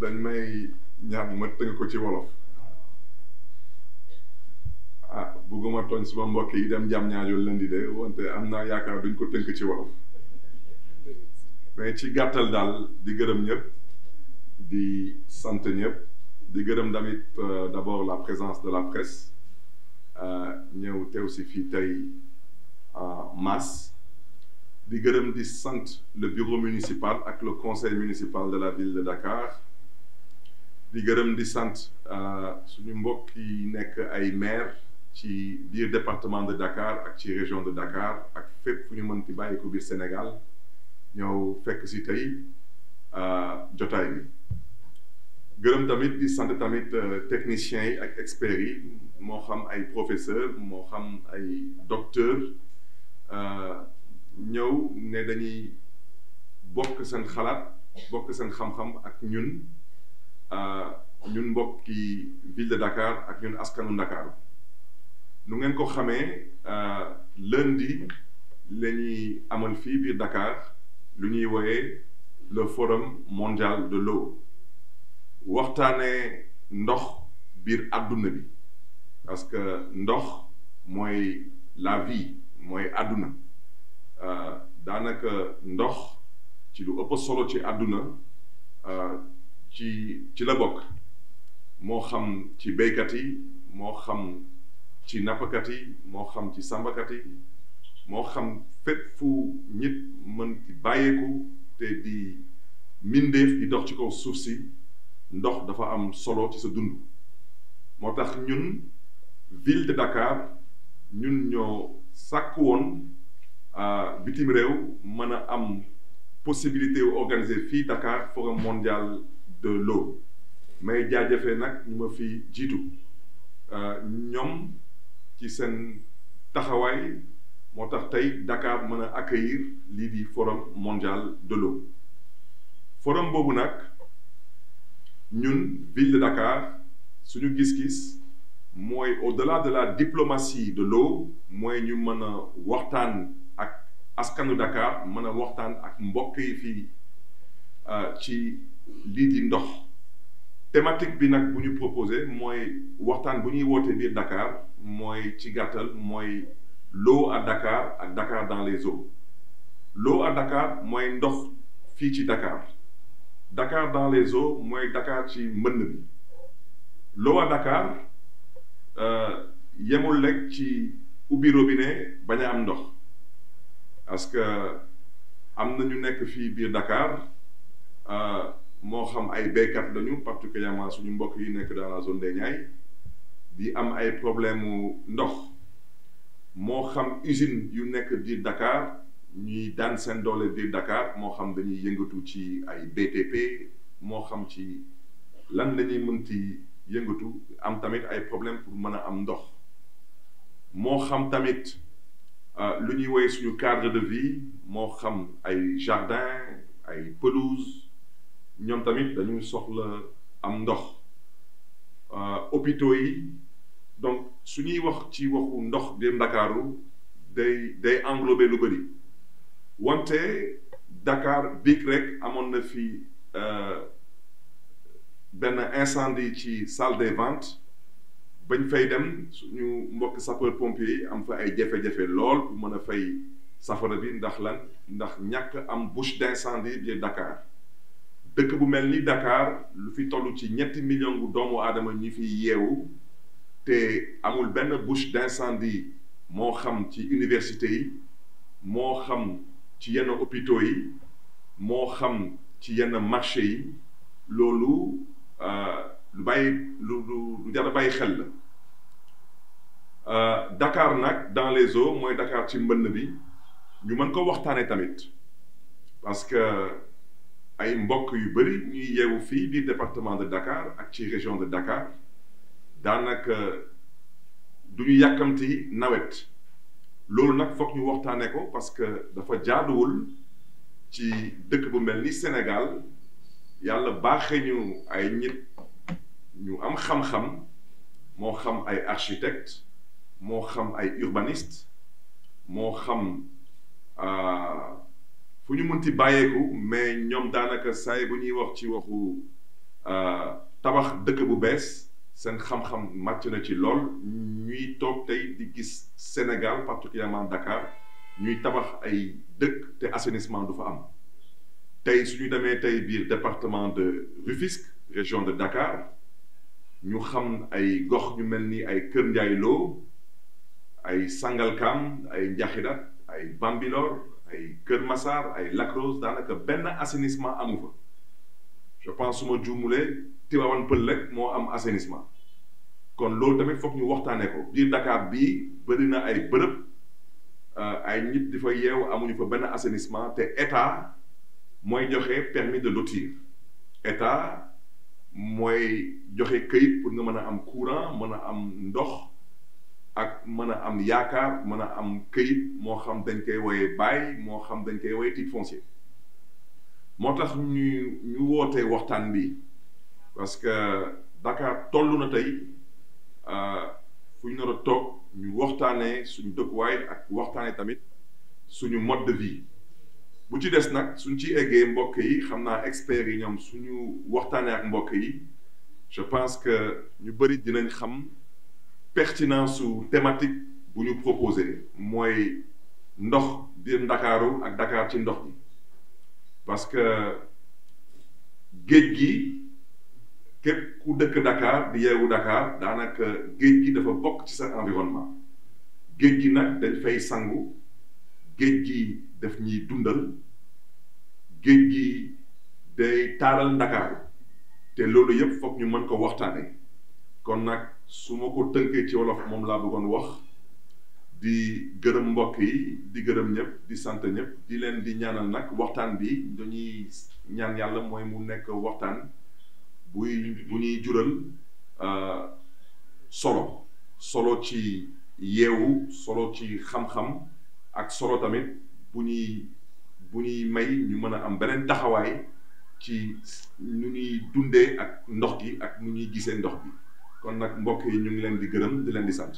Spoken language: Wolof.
dañ may ñaan ma tënk ko ci wolof ah bugguma tooñ suma mbokk yi dem jam ñaajo lëndi de wante am naa yaakaar duñ ko tënk ci wolof mais ci gàttal daal di gërëm ñëpp di sant ñëpp di gërëm tamit euh, d'abord la présence de la presse euh, ñëw teew si fii tey en di gërëm di sant le bureau municipal ak le conseil municipal de la ville de Dakar di gërëm di sant euh, suñu mbokk yi nekk ay maire ci biir département de Dakar ak ci région de Dakar ak fépp fu ñu mën ti bàyyi ko biir Sénégal ñëw fekk si tey euh, jotaay bi gërëm tamit di sant tamit euh, techniciens yi ak experts yi moo xam ay professeurs moo xam ay docteur ñëw ne dañuy bokk seen xalaat bokk seen xam-xam ak ñun euh, ñun mbokki ville de Dakar ak ñun askanu Dakar nu ngeen ko xamee euh, lundi la ñuy amal fii biir Dakar lu ñuy woyee le forum mondial de l'eau waxtaanee ndox biir àdduna bi parce que ndox mooy la vie mooy àdduna Euh, daanaka ndox ci lu ëpp solo ci àdduna euh, ci ci la bokk moo xam ci béykat yi moo xam ci nappkat yi moo xam ci sàmbakat yi moo xam fépp fu nit mën di bàyyeeku te di mindeef di dox ci kaw suuf si ndox dafa am solo ci sa dund moo tax ñun ville de Dakar ñun ñoo sàkk woon bitim réew mën a am possibilité organiser fii Dakar forum mondial de l'eau may jaajëfee nag ñu ma fi jiitu euh, ñoom ci seen taxawaay moo tax tey Dakar mën a accueillir lii di forum mondial de l'eau forum boobu nag ñun ville de Dakar suñu gis-gis mooy au-delà de la diplomatie de l'eau mooy ñu mën a waxtaan askanu Dakar mën a waxtaan ak mbokk fii euh, ci lii di ndox thématique bi nag bu ñu proposé mooy waxtaan bu ñuy wootee biir Dakar mooy ci gàttal mooy l'eau à Dakar ak Dakar dans les eaux l'eau à Dakar mooy ndox fii ci Dakar Dakar dans les eaux mooy Dakar ci mbënn bi l'eau à Dakar euh, yemul rek ci ubbi robinet bañ a am ndox parce que am na ñu nekk fii biir Dakar euh, moo xam ay béykat lañu particulièrement suñu mbokk yi nekk dans la zone des Niayes di am ay problème mu ndox moo xam usine yu nekk biir Dakar ñuy daan seen doole biir Dakar moo xam dañuy yëngatu ci ay BTP moo xam ci lan lañuy mënti yëngatu am tamit ay problème pour mën a am ndox moo xam tamit Euh, lu ñuy woowee suñu cadre de vie moo xam ay jardin ay pelouse ñoom tamit dañuy soxla am ndox euh, hôpitaux yi donc su ñuy wax ci waxu ndox biir Ndakaaru day day englober lu bëri wante Dakar biig rek amoon na fi euh, benn incendie ci salle des ventes bañ fay dem suñu mbokk sapeur pompier yi am fa ay jafe-jafe lool bu mën fay safara bi ndax lan ndax ñàkk am bouche d'incendie bi Dakar dëkk bu mel ni Dakar lu fi toll ci ñetti million bu doomu aadama ñi fi yeewu te amul benn bouche d'incendie moo xam ci université yi moo xam ci yenn hôpitaux yi moo xam ci yenn marché yi loolu euh, lu bàyyi lu lu lu jar bàyyi xel la Euh, Dakar nag dans les eaux mooy Dakar ci mbënn bi ñu mën ko waxtaanee tamit parce que ay mbokk yu bëri ñuy yeewu fii biir département de Dakar ak ci région de Dakar daanaka du ñu yàkkamti nawet loolu nag foog ñu waxtaanee ko parce que dafa jaaduwul ci dëkk bu mel ni Sénégal yàlla baaxee ñu ay nit ñu am xam-xam moo xam ay architecte moo xam ay urbaniste moo xam euh, fu ñu mënti bàyyeeku mais ñoom daanaka saay bu ñuy wax ci waxu euh, tabax dëkk bu bees seen xam-xam màcc na ci lool ñuy toog tey di gis Sénégal particulièrement Dakar ñuy tabax ay dëkk te assenissement du fa am tey suñu demee tey biir département de Rufisque région de Dakar ñu xam ay gox ñu mel ni ay Kër Ndiaye Lo ay Sangalkam ay Njaxira ay Bambilor ay Kër Massar ay Lac daanaka benn assenissement amu fa je pense su ma juumulee Tivaouane Pël rek moo am assainissement kon loolu tamit foog ñu waxtaanee ko biir dakaar bii bëri na ay bërëb euh, ay nit di fa yeew amuñu fa benn assainissement te état mooy joxe permis de lotir état mooy joxe kayit pour nga mën a am courant mën a am ndox. ak mën a am yaakaar mën a am kayit moo xam dañ koy woyee bail moo xam dañ koy woyee titre foncier moo tax ñu ñu wootee waxtaan bi parce que Dakar toll na tey euh, fu ñu nar a toog ñu waxtaanee suñu dëkkuwaay ak waxtaanee tamit suñu mode de vie bu ci des nag suñ ci eggee mbokk yi xam naa experts yi ñoom suñu waxtaanee ak mbokk yi je pense que ñu bëri dinañ xam. pertinence su thématique bu ñu proposé mooy ndox biir ndakaaru ak Dakar ci ndox bi parce que géej gi képp ku dëkk ndakaar di yeewu Dakar daanaka géej gi dafa bokk ci sa environnement géej gi nag dañ sangu géej gi daf ñiy dundal géej gi day taaral Dakar te loolu yépp foog ñu mën ko waxtaane kon nag su ma ko tënkee ci wolof moom laa bëggoon wax di gërëm mbokk yi di gërëm ñëpp di sant ñëpp di leen di ñaanal nag waxtaan bi dañuy ñaan yàlla mooy mu nekk waxtaan buy bu ñuy jural euh, solo solo ci yeewu solo ci xam-xam ak solo tamit bu ñuy bu ñuy may ñu mën a am beneen taxawaay ci nu ñuy dundee ak ndox gi ak nu ñuy gisee ndox bi kon nag mbokk yi ñu ngi leen di gërëm di leen di sant.